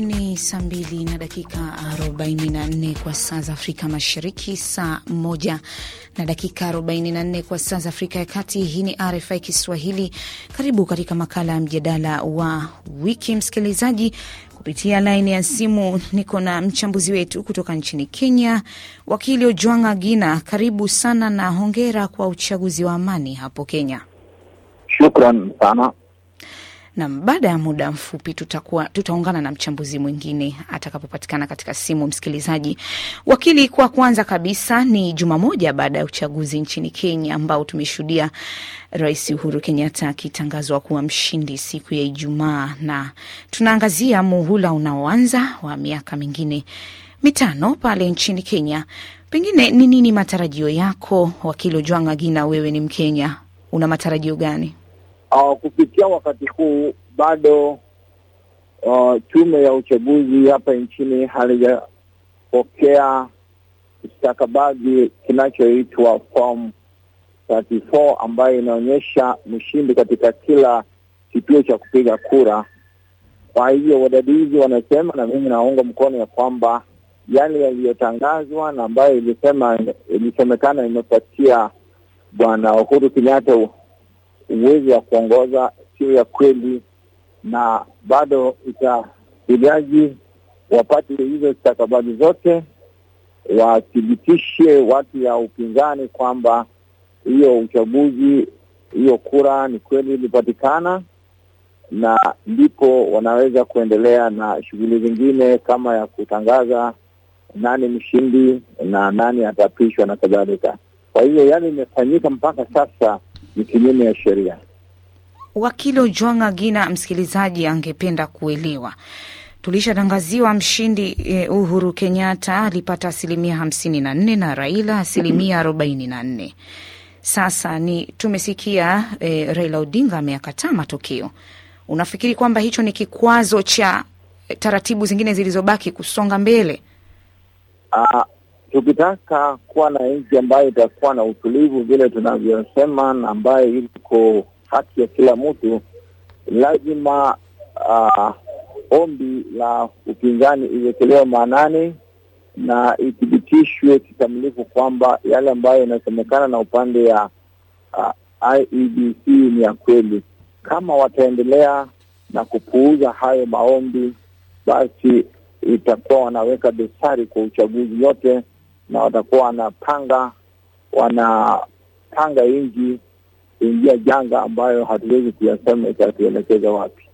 Ni saa mbili na dakika 44 kwa saa za Afrika Mashariki, saa moja na dakika 44 kwa saa za Afrika ya Kati. Hii ni RFI Kiswahili. Karibu katika makala ya mjadala wa wiki, msikilizaji kupitia laini ya simu niko na mchambuzi wetu kutoka nchini Kenya, wakili Ojwanga Gina. Karibu sana na hongera kwa uchaguzi wa amani hapo Kenya. Shukran sana. Nam, baada ya muda mfupi tutakuwa tutaungana na mchambuzi mwingine atakapopatikana katika simu. Msikilizaji wakili, kwa kwanza kabisa ni juma moja baada ya uchaguzi nchini Kenya ambao tumeshuhudia Rais Uhuru Kenyatta akitangazwa kuwa mshindi siku ya Ijumaa, na tunaangazia muhula unaoanza wa miaka mingine mitano pale nchini Kenya. Pengine ni nini matarajio yako wakili Ojwanga Gina? Wewe ni Mkenya, una matarajio gani? Uh, ah, kufikia wakati huu bado uh, tume ya uchaguzi hapa nchini halijapokea stakabadhi kinachoitwa form 34 ambayo inaonyesha mshindi katika kila kituo cha kupiga kura. Kwa hivyo wadadizi wanasema, na mimi naunga mkono ya kwamba yale yaliyotangazwa na ambayo ilisema ilisemekana imepatia Bwana Uhuru Kenyatta uwezo wa kuongoza sio ya kweli, na bado itahidaji wapate hizo stakabadhi zote, wathibitishe watu ya upinzani kwamba hiyo uchaguzi, hiyo kura ni kweli ilipatikana, na ndipo wanaweza kuendelea na shughuli zingine kama ya kutangaza nani mshindi na nani atapishwa na kadhalika. Kwa hiyo yale imefanyika mpaka sasa ni kinyume ya sheria. Wakili Ojwanga Gina, msikilizaji angependa kuelewa tulishatangaziwa mshindi eh, Uhuru Kenyatta alipata asilimia hamsini na nne na Raila asilimia mhm. arobaini na nne. Sasa ni tumesikia eh, Raila Odinga ameyakataa matokeo. Unafikiri kwamba hicho ni kikwazo cha eh, taratibu zingine zilizobaki kusonga mbele? Ah, tukitaka kuwa na nchi ambayo itakuwa na utulivu vile tunavyosema, na ambayo iko haki ya kila mtu, lazima uh, ombi la upinzani iwekelewe maanani na ithibitishwe kikamilifu kwamba yale ambayo inasemekana na upande ya uh, IEBC ni ya kweli. Kama wataendelea na kupuuza hayo maombi, basi itakuwa wanaweka dosari kwa uchaguzi yote na watakuwa wanapanga wanapanga nchi kuingia janga ambayo hatuwezi kuyasema itatuelekeza wapi.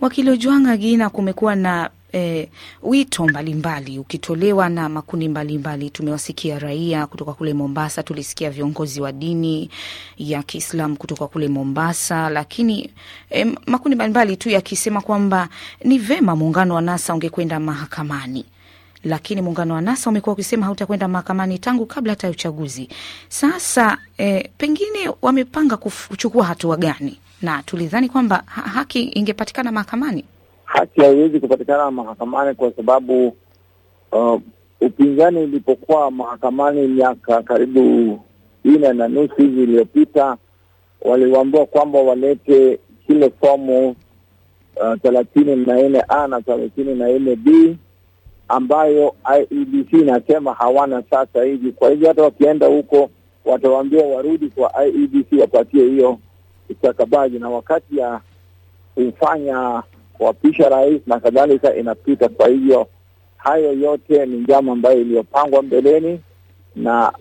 Wakili Ojwanga Gina, kumekuwa na E, wito mbalimbali mbali, ukitolewa na makundi mbalimbali Tumewasikia raia kutoka kule Mombasa, tulisikia viongozi wa dini ya kiislam kutoka kule Mombasa, lakini e, makundi mbalimbali tu yakisema kwamba ni vema muungano wa NASA ungekwenda mahakamani lakini muungano wa NASA umekuwa ukisema hautakwenda mahakamani tangu kabla hata ya uchaguzi. Sasa eh, pengine wamepanga kuchukua hatua wa gani? Na tulidhani kwamba ha haki ingepatikana mahakamani. Haki haiwezi kupatikana mahakamani kwa sababu uh, upinzani ulipokuwa mahakamani miaka karibu nne na nusu hivi iliyopita, waliwaambia kwamba walete kile fomu uh, thelathini na nne a na thelathini na nne b ambayo IEBC inasema hawana sasa hivi. Kwa hivyo hata wakienda huko watawaambia warudi kwa IEBC wapatie hiyo stakabadhi, na wakati ya kufanya kuapisha rais na kadhalika inapita. Kwa hivyo hayo yote ni njama ambayo iliyopangwa mbeleni, na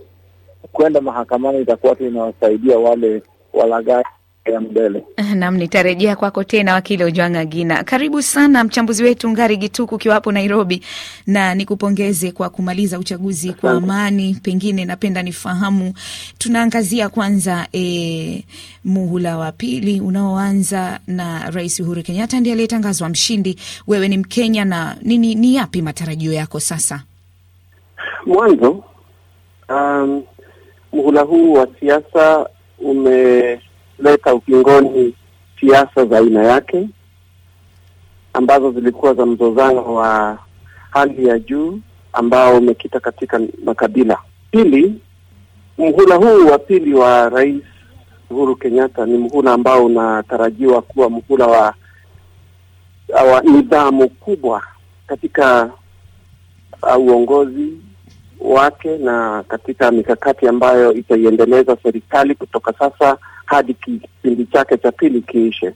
kwenda mahakamani itakuwa tu inawasaidia wale walaghai ya eh, Naam, nitarejea kwako tena wakili Ojwanga Gina. Karibu sana mchambuzi wetu Ngari Gituku ukiwa hapo Nairobi, na nikupongeze kwa kumaliza uchaguzi kwa amani. Pengine napenda nifahamu, tunaangazia kwanza e, muhula wa pili unaoanza na Rais Uhuru Kenyatta ndiye aliyetangazwa mshindi. Wewe ni Mkenya na nini, ni yapi matarajio yako sasa? Mwanzo um, muhula huu wa siasa ume kuleta ukingoni siasa za aina yake ambazo zilikuwa za mzozano wa hali ya juu ambao umekita katika makabila. Pili, mhula huu wa pili wa Rais Uhuru Kenyatta ni mhula ambao unatarajiwa kuwa mhula wa, wa nidhamu kubwa katika uh, uongozi wake na katika mikakati ambayo itaiendeleza serikali kutoka sasa hadi kipindi chake cha pili kiishe,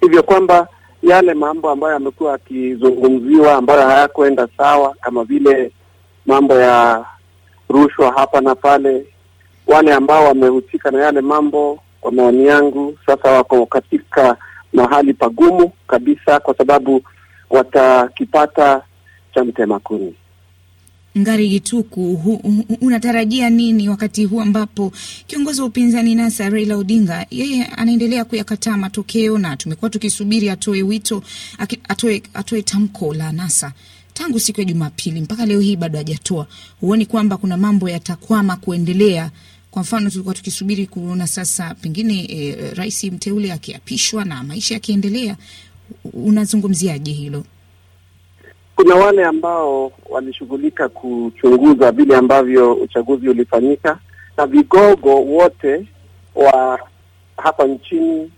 hivyo kwamba yale mambo ambayo yamekuwa yakizungumziwa ambayo hayakwenda sawa, kama vile mambo ya rushwa hapa na pale, wale ambao wamehusika na yale mambo, kwa maoni yangu, sasa wako katika mahali pagumu kabisa, kwa sababu watakipata cha mtema kuni. Ngari Gituku, hu, hu, unatarajia nini wakati huu ambapo kiongozi wa upinzani NASA Raila Odinga yeye anaendelea kuyakataa matokeo na tumekuwa tukisubiri atoe wito atoe, atoe tamko la NASA tangu siku ya Jumapili mpaka leo hii bado hajatoa. Huoni kwamba kuna mambo yatakwama kuendelea? Kwa mfano tulikuwa tukisubiri kuona sasa pengine e, rais mteule akiapishwa na maisha yakiendelea. Unazungumziaje hilo? kuna wale ambao walishughulika kuchunguza vile ambavyo uchaguzi ulifanyika, na vigogo wote wa hapa nchini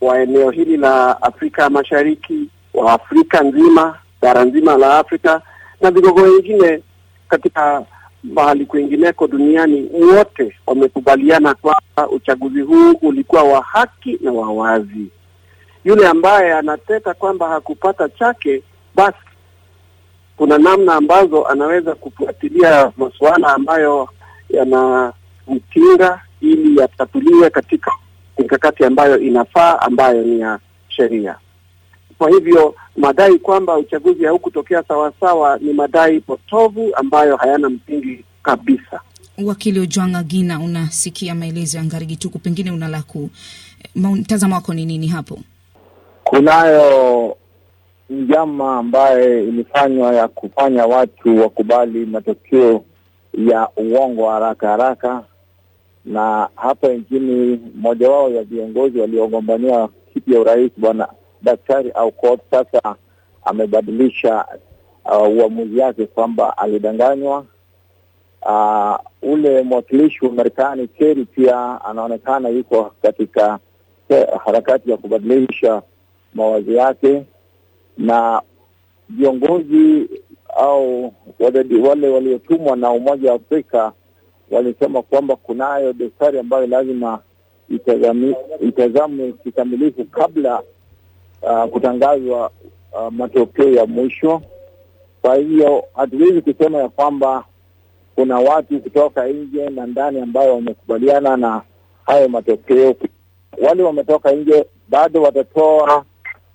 wa eneo hili la Afrika Mashariki, wa Afrika nzima, bara nzima la Afrika, na vigogo wengine katika mahali kwingineko duniani, wote wamekubaliana kwamba uchaguzi huu ulikuwa wa haki na wa wazi. Yule ambaye anateta kwamba hakupata chake, basi kuna namna ambazo anaweza kufuatilia masuala ambayo yanamkinga ili yatatuliwe katika mikakati ambayo inafaa ambayo ni ya sheria. Kwa hivyo madai kwamba uchaguzi haukutokea sawasawa ni madai potovu ambayo hayana msingi kabisa. Wakili Ojwang unasikia maelezo ya Ngarigi Tuku, pengine una la ku eh, mtazamo wako ni nini hapo? Kunayo njama ambaye ilifanywa ya kufanya watu wakubali matokeo ya uongo haraka haraka, na hapa nchini mmoja wao ya viongozi waliogombania kiti ya urais bwana Daktari Aukot sasa amebadilisha uh, uamuzi yake kwamba alidanganywa. Uh, ule mwakilishi wa Marekani Kerry pia anaonekana yuko katika eh, harakati ya kubadilisha mawazo yake na viongozi au wadadi, wale waliotumwa na Umoja wa Afrika walisema kwamba kunayo dosari ambayo lazima itazamwe kikamilifu kabla uh, kutangazwa uh, matokeo ya mwisho. Kwa hivyo hatuwezi kusema ya kwamba kuna watu kutoka nje na ndani ambayo wamekubaliana na hayo matokeo. Wale wametoka nje bado watatoa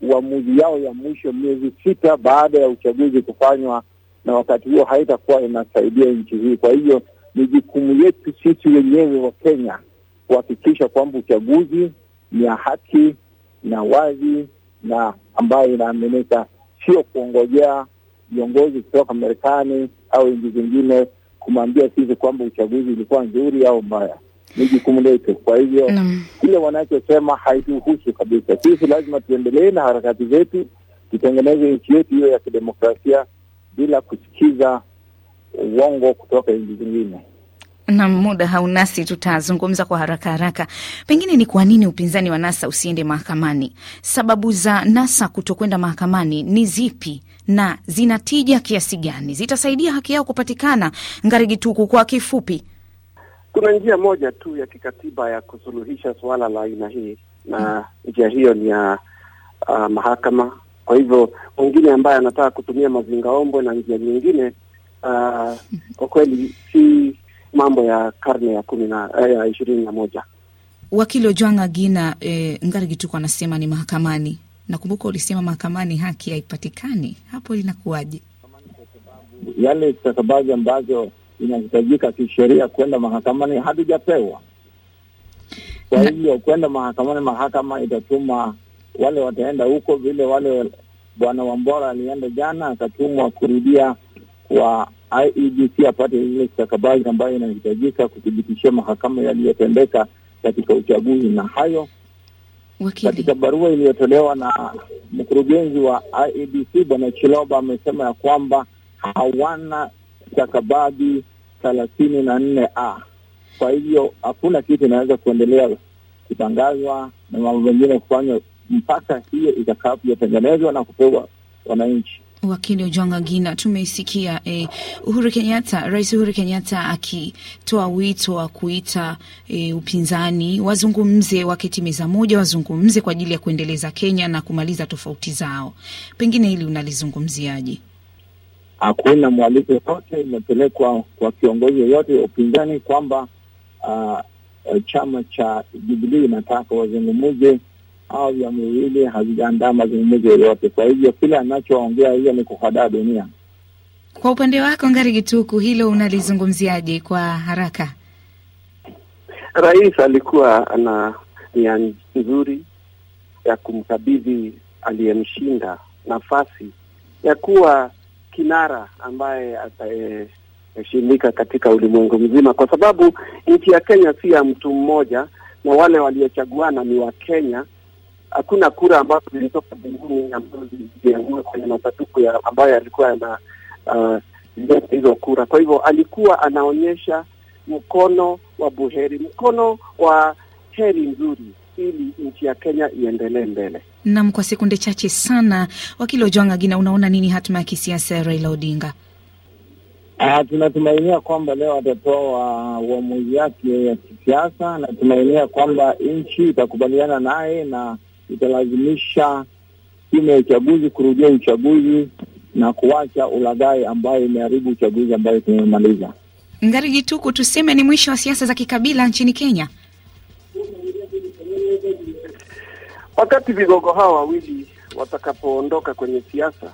uamuzi yao ya mwisho miezi sita baada ya uchaguzi kufanywa, na wakati huo haitakuwa inasaidia nchi hii. Kwa hivyo ni jukumu yetu sisi wenyewe wa Kenya kuhakikisha kwamba uchaguzi ni ya haki na wazi na ambayo inaaminika, sio kuongojea viongozi kutoka Marekani au nchi zingine kumwambia sisi kwamba uchaguzi ulikuwa nzuri au mbaya ni jukumu letu. Kwa hivyo kile wanachosema haituhusu kabisa. Sisi lazima tuendelee na harakati zetu, tutengeneze nchi yetu hiyo ya kidemokrasia bila kusikiza uongo kutoka nchi zingine. Na muda haunasi, tutazungumza kwa haraka haraka. Pengine ni kwa nini upinzani wa NASA usiende mahakamani? Sababu za NASA kutokwenda mahakamani ni zipi na zinatija kiasi gani? Zitasaidia haki yao kupatikana? ngarigituku kwa kifupi, kuna njia moja tu ya kikatiba ya kusuluhisha suala la aina hii na njia hiyo ni ya uh, mahakama. Kwa hivyo mwingine ambaye anataka kutumia mazingaombwe na njia nyingine uh, kwa kweli si mambo ya karne ya kumi na eh, ya ishirini na moja. Wakili ojwanga gina eh, Ngari anasema ni mahakamani. Nakumbuka ulisema mahakamani haki haipatikani, hapo linakuwaje? Yale stakabadhi ambazo inahitajika kisheria kwenda mahakamani, hatujapewa. Kwa hivyo kwenda mahakamani, mahakama itatuma wale wataenda huko, vile wale bwana Wambora alienda jana akatumwa kurudia kwa IEBC apate ile stakabadhi ambayo inahitajika kuthibitishia mahakama yaliyotendeka katika uchaguzi. Na hayo Wakili. Katika barua iliyotolewa na mkurugenzi wa IEBC bwana Chiloba amesema ya kwamba hawana stakabadhi thelathini na nne a. Kwa hivyo hakuna kitu inaweza kuendelea kutangazwa na mambo mengine kufanywa mpaka hiyo itakapotengenezwa na kupewa wananchi. Wakili Ojwanga Gina, tumeisikia eh, Uhuru Kenyatta, Rais Uhuru Kenyatta akitoa wito wa kuita eh, upinzani wazungumze, waketi meza moja, wazungumze kwa ajili ya kuendeleza Kenya na kumaliza tofauti zao. Pengine hili unalizungumziaje? hakuna mwaliko yote imepelekwa kwa kiongozi yoyote upinzani kwamba uh, chama cha Jubilii inataka wazungumuze au vyama viwili hazijaandaa mazungumuzo yoyote. Kwa hivyo kile anachoongea hiyo ni kuhadaa dunia. Kwa upande wako Ngari Gituku, hilo unalizungumziaje kwa haraka? Rais alikuwa ana nia nzuri ya kumkabidhi aliyemshinda nafasi ya kuwa kinara ambaye ataheshimika katika ulimwengu mzima, kwa sababu nchi ya Kenya si ya mtu mmoja, na wale waliochaguana ni wa Kenya. Hakuna kura ambazo zilitoka bunguni ambazo ziliangua kwenye masanduku ambayo yalikuwa yana uh, hizo kura. Kwa hivyo alikuwa anaonyesha mkono wa buheri, mkono wa heri nzuri ili nchi ya Kenya iendelee mbele. Nam, kwa sekunde chache sana, wakili Ojwang' Gina, unaona nini hatima ya kisiasa ya Raila Odinga? Uh, tunatumainia kwamba leo atatoa uh, uamuzi wake ya kisiasa. Natumainia kwamba nchi itakubaliana naye na italazimisha tume ya uchaguzi kurudia uchaguzi na kuwacha ulaghai ambayo imeharibu uchaguzi ambayo tumemaliza. Ngarigi Tuku, tuseme ni mwisho wa siasa za kikabila nchini Kenya. Wakati vigogo hawa wawili watakapoondoka kwenye siasa,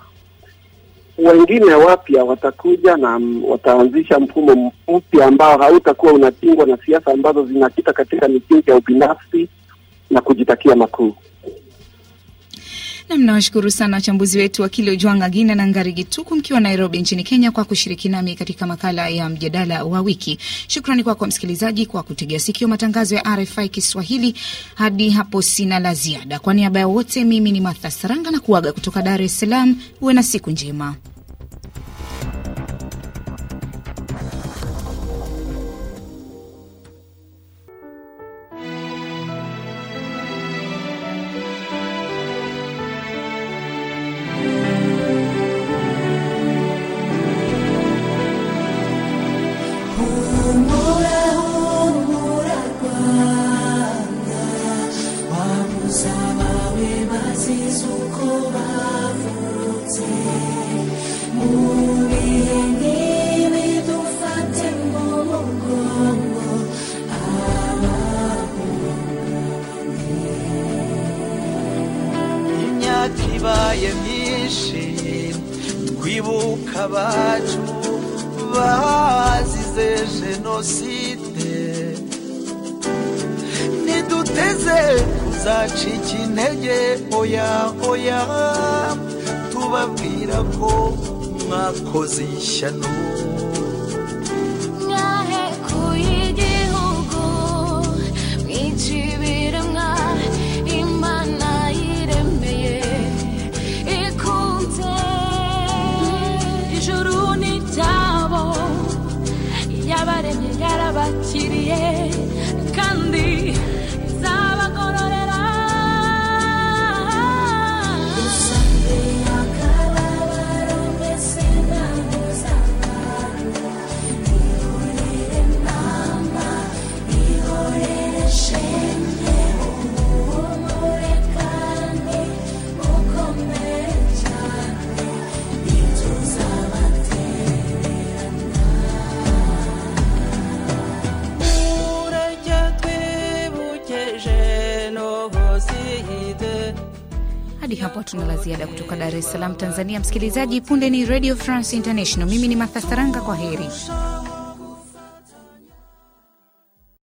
wengine wapya watakuja na wataanzisha mfumo mpya ambao hautakuwa unapingwa na siasa ambazo zinakita katika misingi ya ubinafsi na kujitakia makuu na mnawashukuru sana wachambuzi wetu Wakili Ujwanga Gina na Ngarigi Tuku mkiwa Nairobi nchini Kenya kwa kushiriki nami katika makala ya mjadala wa wiki. Shukrani kwako kwa msikilizaji kwa kutegea sikio matangazo ya RFI Kiswahili. Hadi hapo sina la ziada. Kwa niaba ya wote, mimi ni Martha Saranga na kuaga kutoka Dar es Salaam. Uwe na siku njema. kwibuka abacu bazize jenoside niduteze kuzacika intege oya oya tubabwira ko mwakoze ishyano hatuna la ziada kutoka Dar es Salaam, Tanzania. Msikilizaji, punde ni Radio France International. Mimi ni mathasaranga Saranga, kwa heri.